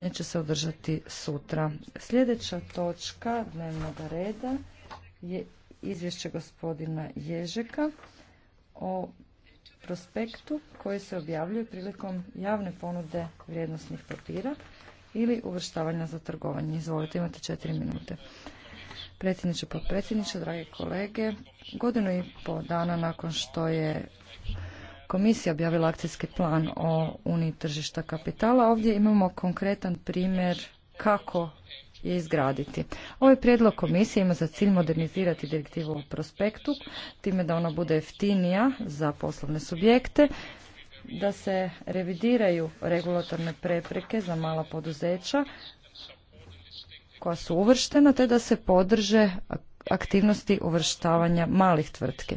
Neće se održati sutra. Sljedeća točka dnevnog reda je izvješće gospodina Ježeka o prospektu koji se objavljuje prilikom javne ponude vrijednostnih papira ili uvrštavanja za trgovanje. Izvolite, imate četiri minute. Predsjedniče, potpredsjedniče, drage kolege, godinu i po dana nakon što je komisija objavila akcijski plan o uniji tržišta kapitala. Ovdje imamo konkretan primjer kako je izgraditi. Ovaj prijedlog komisije ima za cilj modernizirati direktivu o prospektu, time da ona bude jeftinija za poslovne subjekte, da se revidiraju regulatorne prepreke za mala poduzeća koja su uvrštena, te da se podrže aktivnosti uvrštavanja malih tvrtki.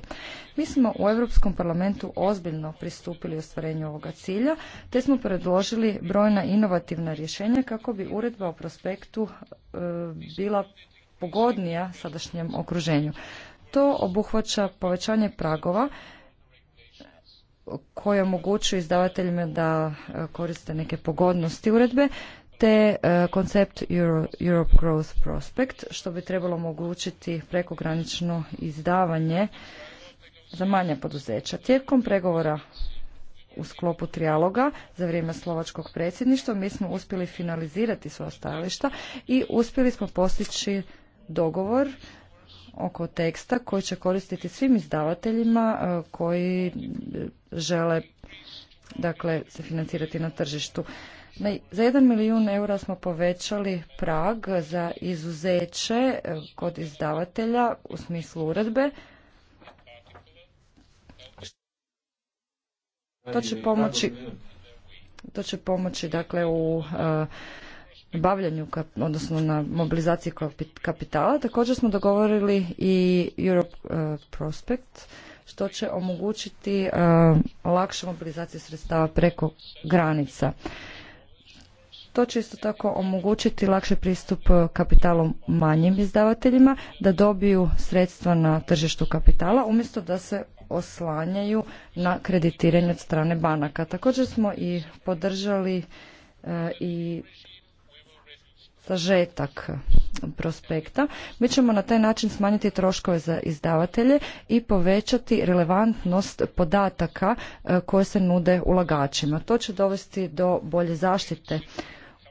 Mi smo u Europskom parlamentu ozbiljno pristupili ostvarenju ovoga cilja, te smo predložili brojna inovativna rješenja kako bi uredba o prospektu e, bila pogodnija sadašnjem okruženju. To obuhvaća povećanje pragova koje omogućuju izdavateljima da e, koriste neke pogodnosti uredbe, te e, koncept Europe Growth Prospect, što bi trebalo omogućiti prekogranično izdavanje za manja poduzeća. Tijekom pregovora u sklopu trijaloga za vrijeme slovačkog predsjedništva mi smo uspjeli finalizirati svoja stajališta i uspjeli smo postići dogovor oko teksta koji će koristiti svim izdavateljima e, koji e, žele dakle se financirati na tržištu. Za jedan milijun eura smo povećali prag za izuzeće e, kod izdavatelja u smislu uredbe. To će pomoći, to će pomoći dakle u e, bavljanju, odnosno na mobilizaciji kapitala. Također smo dogovorili i Europe e, Prospect, što će omogućiti lakšu mobilizaciju sredstava preko granica. To će isto tako omogućiti lakši pristup e, kapitalu manjim izdavateljima da dobiju sredstva na tržištu kapitala umjesto da se oslanjaju na kreditiranje od strane banaka. Također smo i podržali e, i sažetak prospekta. Mi ćemo na taj način smanjiti troškove za izdavatelje i povećati relevantnost podataka e, koje se nude ulagačima. To će dovesti do bolje zaštite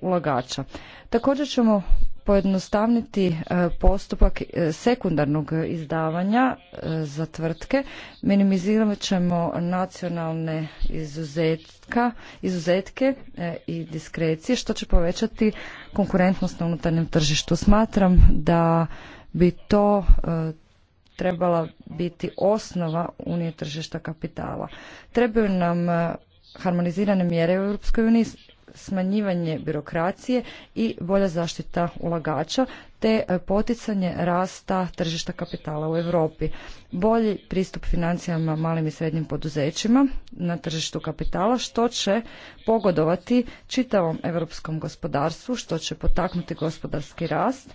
ulagača. Također ćemo pojednostavniti e, postupak e, sekundarnog izdavanja e, za tvrtke, minimizirat ćemo nacionalne izuzetka, izuzetke i diskrecije, što će povećati konkurentnost na unutarnjem tržištu. Smatram da bi to trebala biti osnova unije tržišta kapitala. Trebaju nam harmonizirane mjere u EU smanjivanje birokracije i bolja zaštita ulagača te e, poticanje rasta tržišta kapitala u Europi. Bolji pristup financijama malim i srednjim poduzećima na tržištu kapitala što će pogodovati čitavom europskom gospodarstvu, što će potaknuti gospodarski rast,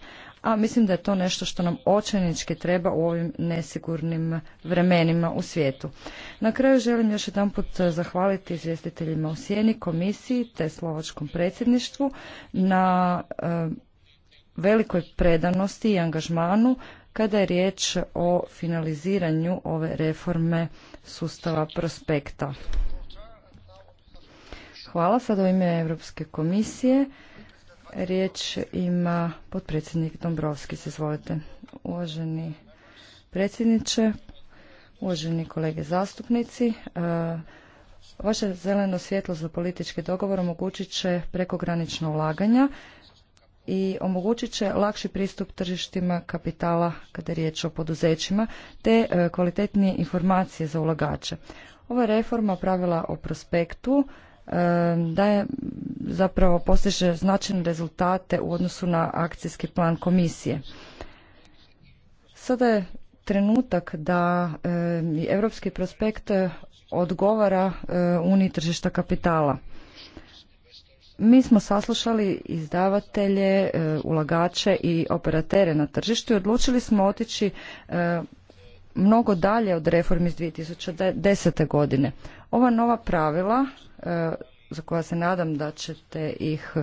a mislim da je to nešto što nam očajnički treba u ovim nesigurnim vremenima u svijetu. Na kraju želim još jedanput zahvaliti izvjestiteljima u Sjeni, komisiji te slovačkom predsjedništvu na e, velikoj predanosti i angažmanu kada je riječ o finaliziranju ove reforme sustava prospekta. Hvala. Sada u ime Europske komisije Riječ ima potpredsjednik Dombrovski, se izvolite. Uvaženi predsjedniče, uvaženi kolege zastupnici, e, vaše zeleno svjetlo za politički dogovor omogućit će prekogranična ulaganja i omogućit će lakši pristup tržištima kapitala kada je riječ o poduzećima te e, kvalitetnije informacije za ulagače. Ova reforma pravila o prospektu da je zapravo postiže značajne rezultate u odnosu na akcijski plan komisije. Sada je trenutak da europski prospekt odgovara uniji tržišta kapitala. Mi smo saslušali izdavatelje, ulagače i operatere na tržištu i odlučili smo otići mnogo dalje od reformi iz 2010. godine. Ova nova pravila, e, za koja se nadam da ćete ih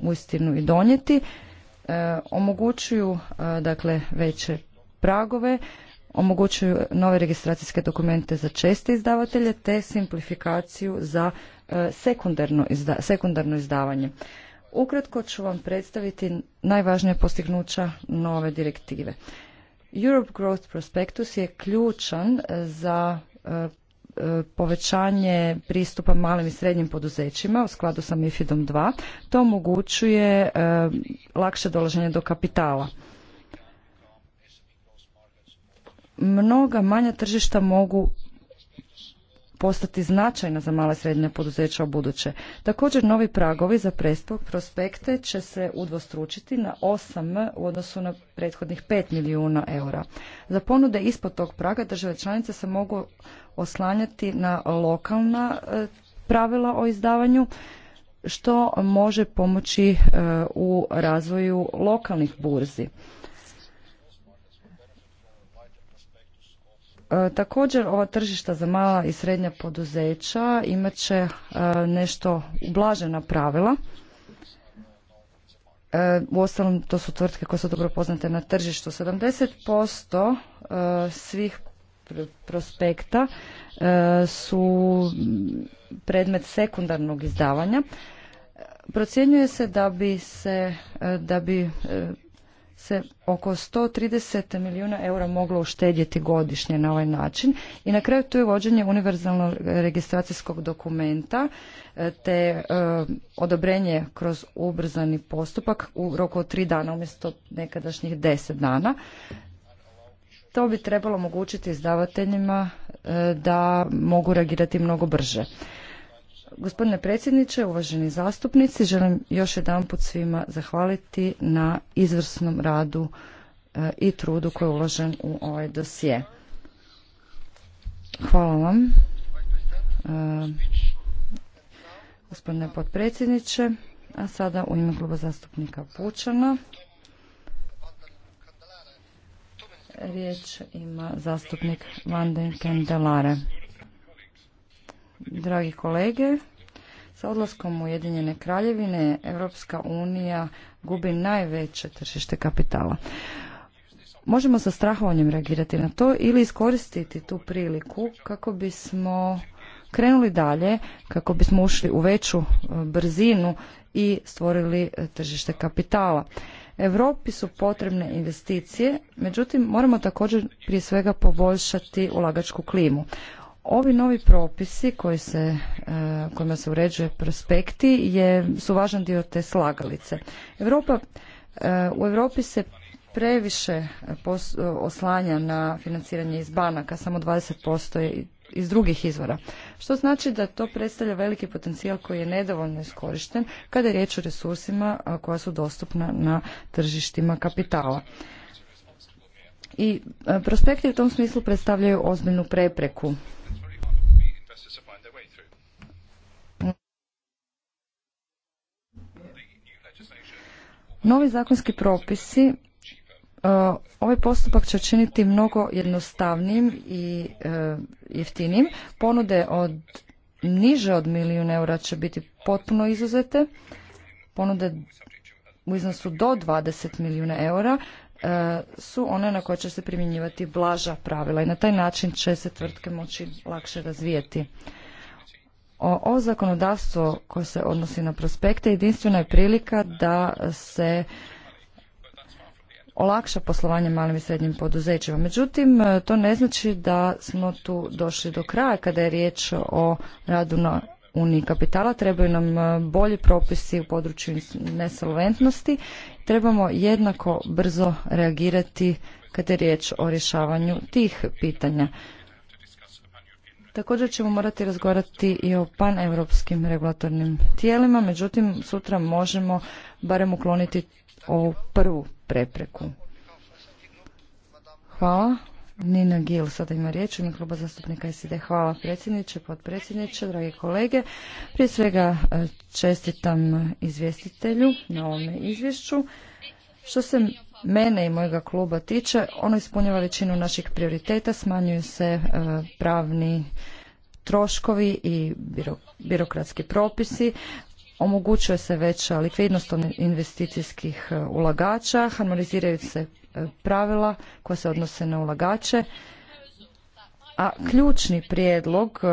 uistinu i donijeti, e, omogućuju e, dakle veće pragove, omogućuju nove registracijske dokumente za česte izdavatelje te simplifikaciju za sekundarno, sekundarno izdavanje. Ukratko ću vam predstaviti najvažnije postignuća nove direktive. Europe Growth Prospectus je ključan e, za e, e, povećanje pristupa malim i srednjim poduzećima u skladu sa MIFIDom 2. To omogućuje lakše dolaženje do kapitala. Mnoga manja tržišta mogu postati značajna za mala i srednja poduzeća u buduće. Također novi pragovi za prospekte će se udvostručiti na 8 u odnosu na prethodnih 5 milijuna eura. Za ponude ispod tog praga države članice se mogu oslanjati na lokalna e, pravila o izdavanju što može pomoći e, u razvoju lokalnih burzi. E, također ova tržišta za mala i srednja poduzeća imat će e, nešto ublažena pravila. E, Uostalom to su tvrtke koje su dobro poznate na tržištu. 70% svih prospekta su predmet sekundarnog izdavanja. Procjenjuje se da bi se da bi se oko 130 milijuna eura moglo uštedjeti godišnje na ovaj način. I na kraju tu je vođenje univerzalnog registracijskog dokumenta e, te e, odobrenje kroz ubrzani postupak u roku od tri dana umjesto nekadašnjih deset dana. To bi trebalo omogućiti izdavateljima e, da mogu reagirati mnogo brže. Gospodine predsjedniče, uvaženi zastupnici, želim još jedanput svima zahvaliti na izvrsnom radu e, i trudu koji je uložen u ovaj dosje. Hvala vam, e, gospodine potpredsjedniče. A sada u ime kluba zastupnika Pučana. Riječ ima zastupnik Vanden Kendelare. Dragi kolege, sa odlaskom Ujedinjene kraljevine Evropska unija gubi najveće tržište kapitala. Možemo sa strahovanjem reagirati na to ili iskoristiti tu priliku kako bismo krenuli dalje, kako bismo ušli u veću e, brzinu i stvorili e, tržište kapitala. Europi su potrebne investicije, međutim moramo također prije svega poboljšati ulagačku klimu. Ovi novi propisi koji se, e, kojima se uređuje prospekti je, su važan dio te slagalice. Europa, e, u Europi se previše oslanja na financiranje iz banaka, samo 20% iz drugih izvora. Što znači da to predstavlja veliki potencijal koji je nedovoljno iskorišten kada je riječ o resursima koja su dostupna na tržištima kapitala i e, prospekti u tom smislu predstavljaju ozbiljnu prepreku. Novi zakonski propisi e, ovaj postupak će činiti mnogo jednostavnijim i e, jeftinijim. Ponude od niže od milijuna eura će biti potpuno izuzete. Ponude u iznosu do 20 milijuna eura E, su one na koje će se primjenjivati blaža pravila i na taj način će se tvrtke moći lakše razvijeti. O, ovo zakonodavstvo koje se odnosi na prospekte jedinstvena je prilika da se olakša poslovanje malim i srednjim poduzećima. Međutim, e, to ne znači da smo tu došli do kraja kada je riječ o radu na uniji kapitala, trebaju nam e, bolji propisi u području nesolventnosti, trebamo jednako brzo reagirati kada je riječ o rješavanju tih pitanja. Također ćemo morati razgovarati i o paneuropskim regulatornim tijelima, međutim sutra možemo barem ukloniti ovu prvu prepreku. Hvala. Nina Gil sada ima riječ u ime kluba zastupnika SID. Hvala predsjedniče, potpredsjedniče, dragi kolege. Prije svega e, čestitam izvjestitelju na ovome izvješću. Što se mene i mojega kluba tiče, ono ispunjava većinu naših prioriteta, smanjuju se e, pravni troškovi i birokratski propisi, omogućuje se veća likvidnost investicijskih e, ulagača, harmoniziraju se e, pravila koja se odnose na ulagače, a ključni prijedlog e,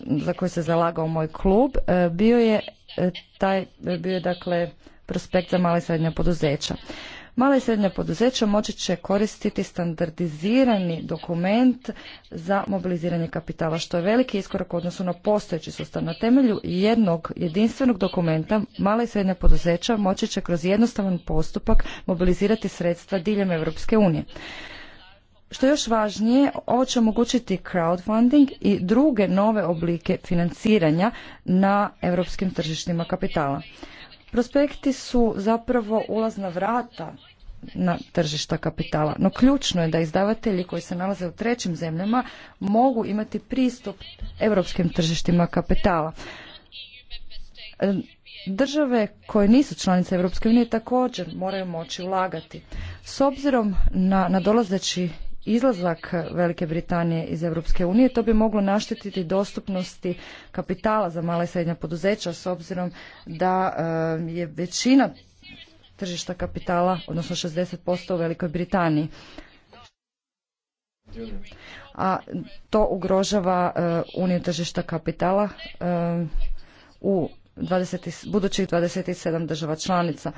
za koji se zalagao moj klub bio je taj bio je dakle prospekt za male i srednja poduzeća. Mala i srednja poduzeća moći će koristiti standardizirani dokument za mobiliziranje kapitala, što je veliki iskorak u odnosu na postojeći sustav. Na temelju jednog jedinstvenog dokumenta mala i srednja poduzeća moći će kroz jednostavan postupak mobilizirati sredstva diljem Europske unije. Što je još važnije, ovo će omogućiti crowdfunding i druge nove oblike financiranja na europskim tržištima kapitala. Prospekti su zapravo ulazna vrata na tržišta kapitala. No ključno je da izdavatelji koji se nalaze u trećim zemljama mogu imati pristup europskim tržištima kapitala. Države koje nisu članice Europske unije također moraju moći ulagati. S obzirom na nadolazeći izlazak Velike Britanije iz Europske unije, to bi moglo naštetiti dostupnosti kapitala za mala i srednja poduzeća s obzirom da eh, je većina tržišta kapitala, odnosno 60% u Velikoj Britaniji. A to ugrožava eh, uniju tržišta kapitala eh, u 20, budućih 27 država članica.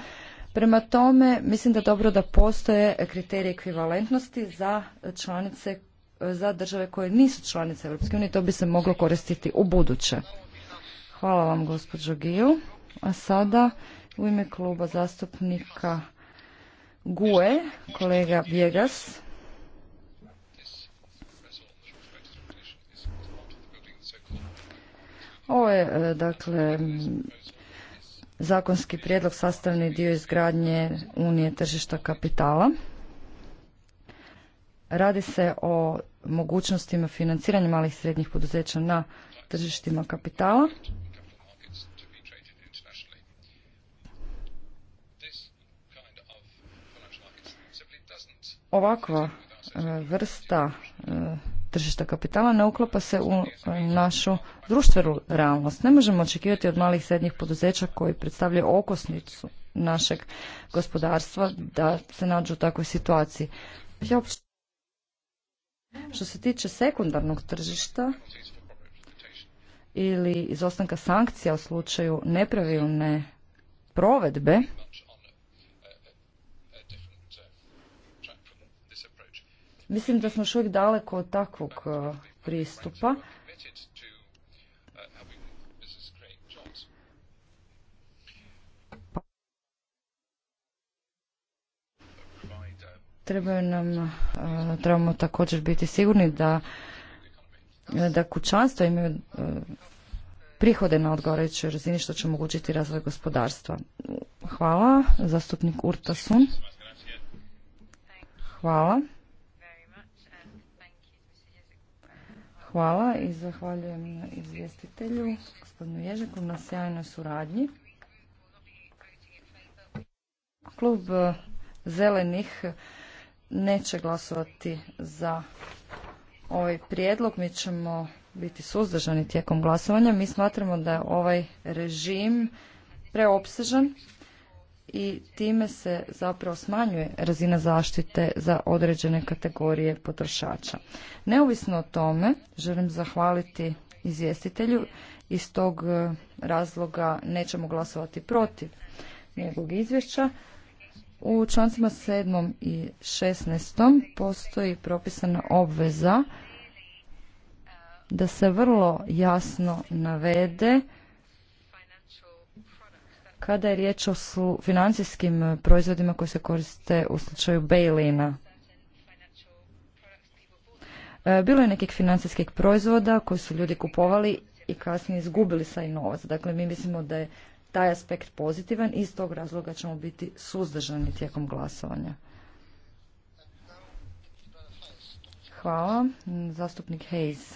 Prema tome, mislim da je dobro da postoje kriterije ekvivalentnosti za članice za države koje nisu članice EU unije, to bi se moglo koristiti u buduće. Hvala vam gospođo Giju. A sada u ime kluba zastupnika GUE, kolega Vjegas. Ovo je, e, dakle, zakonski prijedlog sastavni dio izgradnje Unije tržišta kapitala. Radi se o mogućnostima financiranja malih i srednjih poduzeća na tržištima kapitala. Ovakva e, vrsta e, tržišta kapitala ne uklapa se u e, našu društvenu realnost. Ne možemo očekivati od malih srednjih poduzeća koji predstavljaju okosnicu našeg gospodarstva da se nađu u takvoj situaciji. Ja Što se tiče sekundarnog tržišta ili izostanka sankcija u slučaju nepravilne provedbe Mislim da smo još daleko od takvog e, pristupa. Trebaju nam, e, trebamo također biti sigurni da, e, da kućanstva imaju prihode na odgovarajućoj razini što će omogućiti razvoj gospodarstva. Hvala, zastupnik Urtasun. Hvala. Hvala i zahvaljujem izvjestitelju, gospodinu Ježeku, na sjajnoj suradnji. Klub eh, zelenih neće glasovati za ovaj prijedlog. Mi ćemo biti suzdržani tijekom glasovanja. Mi smatramo da je ovaj režim preopsežan i time se zapravo smanjuje razina zaštite za određene kategorije potrošača. Neovisno o tome, želim zahvaliti izvjestitelju, iz tog e, razloga nećemo glasovati protiv njegovog izvješća. U člancima 7. i 16. postoji propisana obveza da se vrlo jasno navede kada je riječ o financijskim eh, proizvodima koji se koriste u slučaju bailina. Eh, bilo je nekih financijskih proizvoda koji su ljudi kupovali i kasnije izgubili saj novac. Dakle, mi mislimo da je taj aspekt pozitivan i iz tog razloga ćemo biti suzdržani tijekom glasovanja. Hvala. Zastupnik Hayes.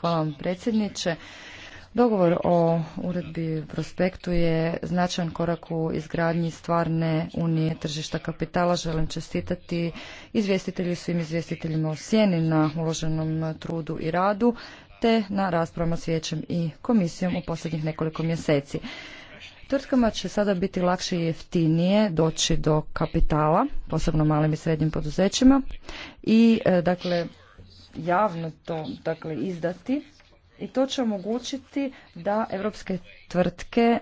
Hvala vam predsjedniče. Dogovor o uredbi prospektu je značajan korak u izgradnji stvarne unije tržišta kapitala. Želim čestitati izvjestitelju i svim izvjestiteljima u sjeni na uloženom trudu i radu te na raspravama s vijećem i komisijom u posljednjih nekoliko mjeseci. Tvrtkama će sada biti lakše i jeftinije doći do kapitala, posebno malim i srednjim poduzećima i e, dakle javno to dakle izdati i to će omogućiti da europske tvrtke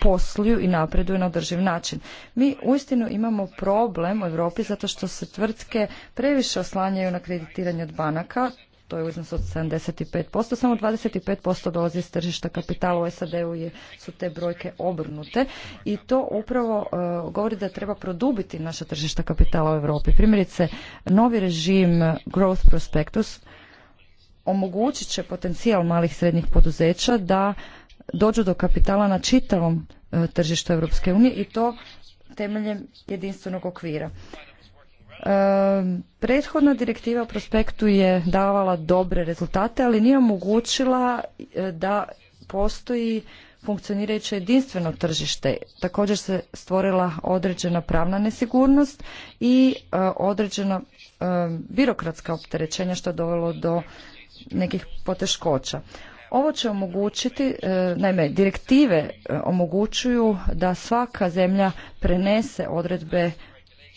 posluju i napreduju na održiv način. Mi uistinu imamo problem u Europi zato što se tvrtke previše oslanjaju na kreditiranje od banaka, to je u iznosu od 75%, samo 25% dolazi iz tržišta kapitala u SAD-u su te brojke obrnute i to upravo eh, govori da treba produbiti naša tržišta kapitala u Europi. Primjerice, novi režim Growth Prospectus omogućit će potencijal malih srednjih poduzeća da dođu do kapitala na čitavom e, tržištu Europske unije i to temeljem jedinstvenog okvira. E, prethodna direktiva o prospektu je davala dobre rezultate, ali nije omogućila e, da postoji funkcionirajuće jedinstveno tržište. Također se stvorila određena pravna nesigurnost i određena birokratska opterećenja što je dovelo do nekih poteškoća. Ovo će omogućiti, e, naime, direktive e, omogućuju da svaka zemlja prenese odredbe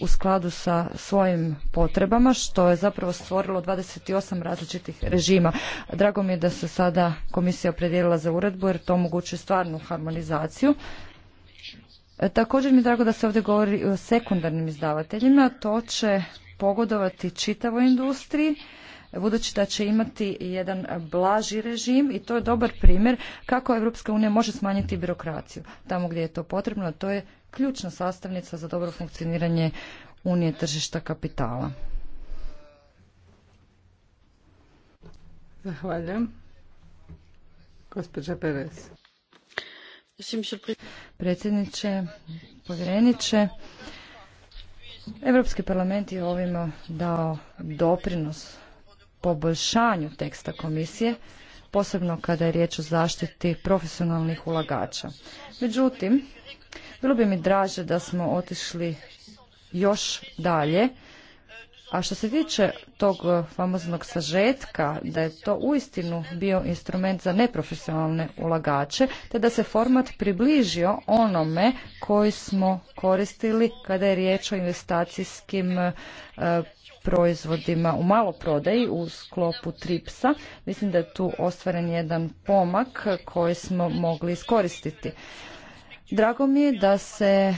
u skladu sa svojim potrebama, što je zapravo stvorilo 28 različitih režima. Drago mi je da se sada komisija opredijelila za uredbu, jer to omogućuje stvarnu harmonizaciju. E, također mi je drago da se ovdje govori o sekundarnim izdavateljima. To će pogodovati čitavoj industriji budući da će imati jedan blaži režim i to je dobar primjer kako Europska unija može smanjiti birokraciju tamo gdje je to potrebno, a to je ključna sastavnica za dobro funkcioniranje unije tržišta kapitala. Zahvaljujem. Gospođa Perez. Predsjedniče, povjereniče, Europski parlament je ovima dao doprinos poboljšanju teksta komisije, posebno kada je riječ o zaštiti profesionalnih ulagača. Međutim, bilo bi mi draže da smo otišli još dalje, a što se tiče tog e, famoznog sažetka, da je to uistinu bio instrument za neprofesionalne ulagače, te da se format približio onome koji smo koristili kada je riječ o investacijskim e, proizvodima u maloprodaji u sklopu TRIPSA. Mislim da je tu ostvaren jedan pomak koji smo mogli iskoristiti. Drago mi je da se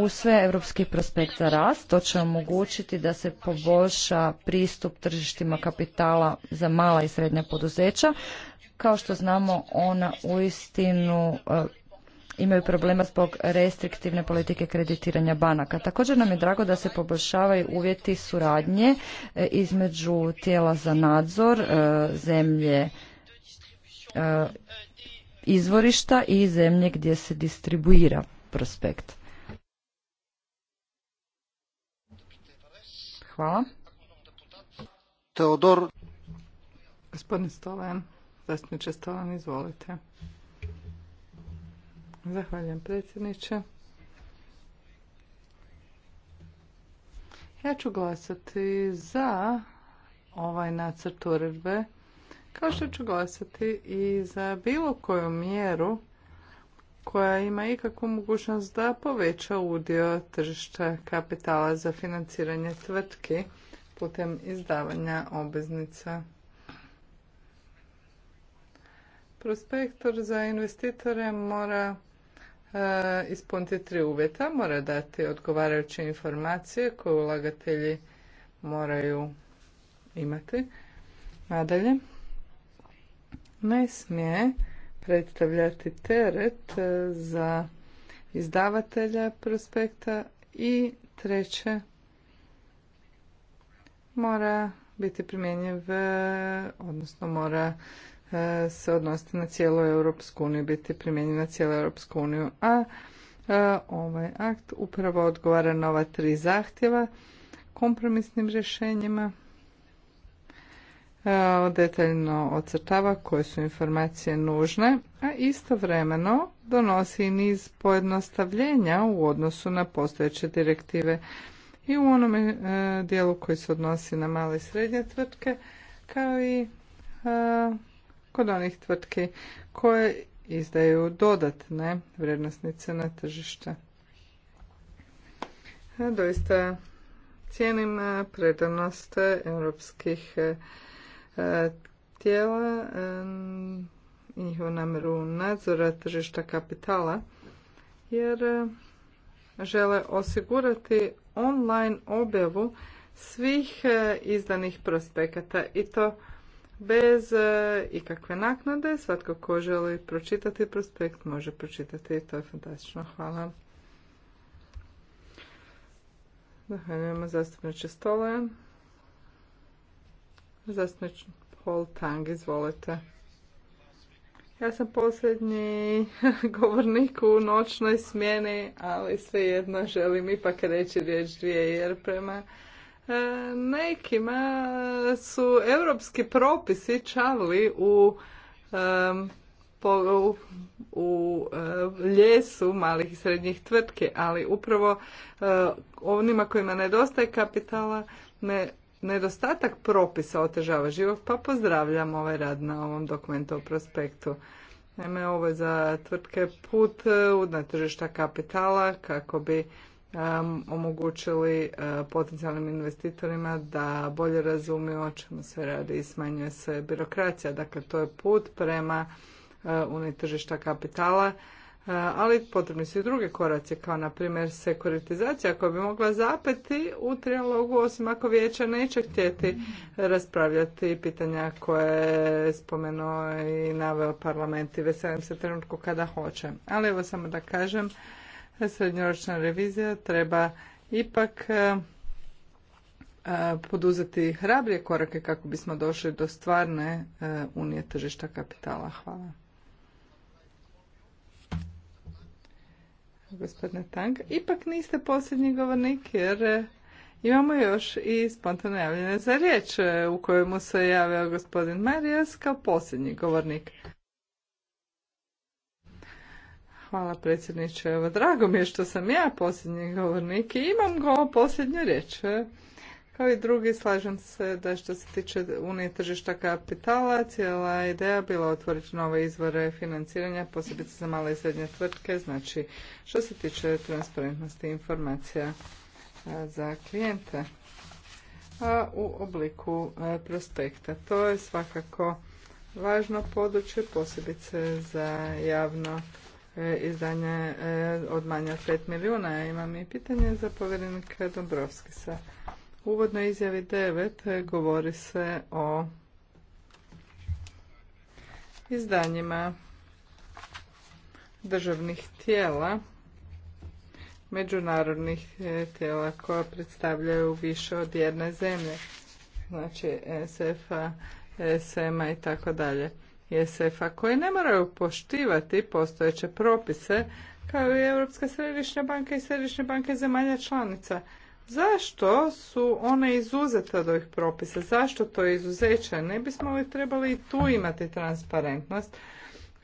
e, sve Europski prospekt za rast. To će omogućiti da se poboljša pristup tržištima kapitala za mala i srednja poduzeća. Kao što znamo, ona uistinu e, imaju problema zbog restriktivne politike kreditiranja banaka. Također nam je drago da se poboljšavaju uvjeti suradnje e, između tijela za nadzor, e, zemlje e, izvorišta i zemlje gdje se distribuira prospekt. Hvala. Teodor. Gospodin Stolen, zastupniče Stolan, izvolite. Zahvaljujem predsjedniče. Ja ću glasati za ovaj nacrt uredbe, kao što ću glasati i za bilo koju mjeru koja ima ikakvu mogućnost da poveća udio tržišta kapitala za financiranje tvrtki putem izdavanja obveznica. Prospektor za investitore mora E, ispuniti tri uvjeta. Mora dati odgovarajuće informacije koje ulagatelji moraju imati. Nadalje, ne smije predstavljati teret e, za izdavatelja prospekta i treće, mora biti primjenjiv, e, odnosno mora E, se odnositi na cijelu Europsku uniju, biti primjenjena na cijelu Europsku uniju, a e, ovaj akt upravo odgovara na ova tri zahtjeva kompromisnim rješenjima e, detaljno ocrtava koje su informacije nužne, a istovremeno donosi i niz pojednostavljenja u odnosu na postojeće direktive i u onome dijelu koji se odnosi na male i srednje tvrtke, kao i kod onih tvrtki koje izdaju dodatne vrijednosnice na tržište. E, doista cijenim e, predanost europskih e, tijela i njihovu namjeru nadzora tržišta kapitala jer žele osigurati online objavu svih izdanih prospekata i to bez e, ikakve naknade. Svatko ko želi pročitati prospekt može pročitati i to je fantastično. Hvala. Zahvaljujemo zastupniče Stole. Zastupnič Paul Tang, izvolite. Ja sam posljednji govornik u noćnoj smjeni, ali svejedno želim ipak reći riječ dvije, jer prema E, nekima su europski propisi čavli u, u, e, ljesu malih i srednjih tvrtke, ali upravo e, onima kojima nedostaje kapitala ne, nedostatak propisa otežava život, pa pozdravljam ovaj rad na ovom dokumentu o prospektu. Naime, ovo je za tvrtke put u tržišta kapitala kako bi Um, omogućili uh, potencijalnim investitorima da bolje razumiju o čemu se radi i smanjuje se birokracija. Dakle, to je put prema uh, uniji tržišta kapitala, uh, ali potrebni su i druge koraci, kao na primjer sekuritizacija koja bi mogla zapeti u trijalogu, osim ako vijeće neće htjeti raspravljati pitanja koje je spomenuo i naveo parlament i veselim se trenutku kada hoće. Ali evo samo da kažem, srednjoročna revizija treba ipak e, e, poduzeti hrabrije korake kako bismo došli do stvarne e, unije tržišta kapitala. Hvala. Gospodine Tang, ipak niste posljednji govornik jer imamo još i spontano javljene za riječ u kojemu se javio gospodin Marijas kao posljednji govornik. Hvala predsjedniče. Evo, drago mi je što sam ja posljednji govornik i imam go posljednju riječ. Kao i drugi, slažem se da što se tiče unije tržišta kapitala, cijela ideja bila otvoriti nove izvore financiranja, posebice za male i srednje tvrtke, znači što se tiče transparentnosti informacija za klijente a u obliku prospekta. To je svakako važno područje, posebice za javno E, izdanje e, od manje od 5 milijuna. Imam i pitanje za povjerenika Dombrovskisa. sa uvodnoj izjavi 9 govori se o izdanjima državnih tijela, međunarodnih e, tijela koja predstavljaju više od jedne zemlje, znači SF-a, SM-a i tako dalje. ISF-a koji ne moraju poštivati postojeće propise kao i Europska središnja banka i središnje banke zemalja članica. Zašto su one izuzete od ovih propisa? Zašto to je izuzeće? Ne bismo li trebali i tu imati transparentnost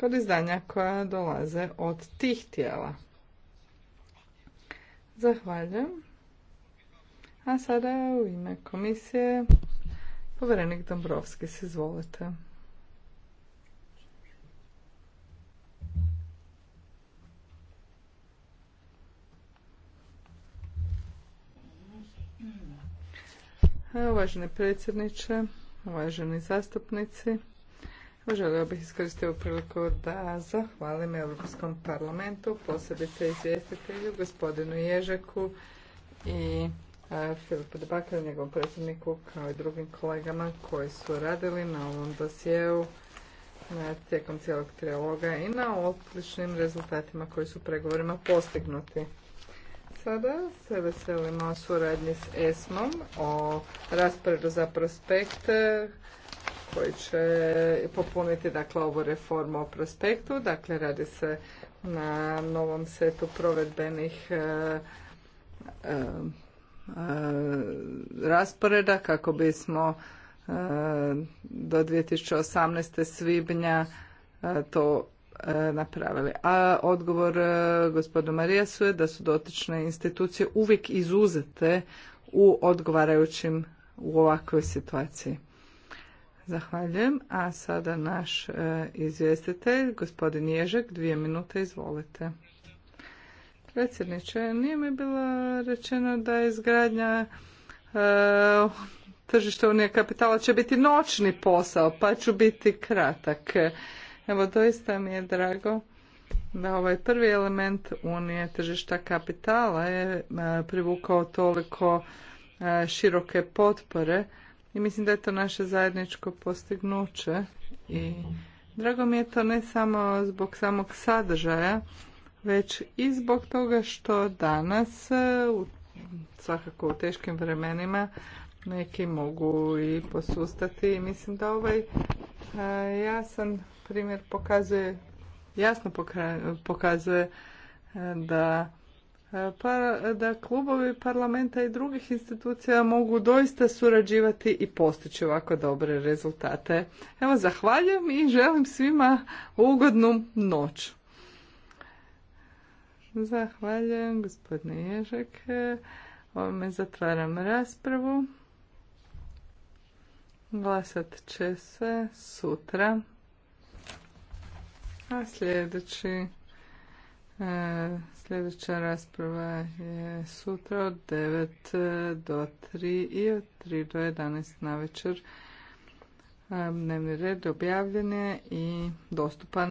kod izdanja koja dolaze od tih tijela? Zahvaljujem. A sada u ime komisije povjerenik Dombrovski, izvolite. Uvaženi predsjedniče, uvaženi zastupnici, želio bih iskoristiti ovu priliku da zahvalim Europskom parlamentu, posebice izvjestitelju, gospodinu Ježeku i e, Filipu njegom njegovom predsjedniku, kao i drugim kolegama koji su radili na ovom dosjeu e, tijekom cijelog triloga i na odličnim rezultatima koji su pregovorima postignuti sada se veselimo suradnji s ESMom o rasporedu za prospekt eh, koji će popuniti dakle ovu reformu o prospektu. Dakle, radi se na novom setu provedbenih e, rasporeda kako bismo do 2018. svibnja to E, napravili. A odgovor e, gospodinu Marijasu je da su dotične institucije uvijek izuzete u odgovarajućim u ovakvoj situaciji. Zahvaljujem. A sada naš e, izvjestitelj, gospodin Ježek, dvije minute, izvolite. Predsjedniče, nije mi bilo rečeno da izgradnja e, tržišta unije kapitala će biti noćni posao, pa ću biti kratak. Evo, doista mi je drago da ovaj prvi element Unije tržišta kapitala je e, privukao toliko e, široke potpore i mislim da je to naše zajedničko postignuće i drago mi je to ne samo zbog samog sadržaja, već i zbog toga što danas e, svakako u teškim vremenima neki mogu i posustati i mislim da ovaj Jasan primjer pokazuje, jasno pokazuje e, da e, da klubovi parlamenta i drugih institucija mogu doista surađivati i postići ovako dobre rezultate. Evo, zahvaljujem i želim svima ugodnu noć. Zahvaljujem, gospodine Ježek. Ovime zatvaram raspravu. Glasat će se sutra. A sljedeći e, Sljedeća rasprava je sutra od 9 e, do 3 i od 3 do 11 na večer. E, dnevni red objavljen i dostupan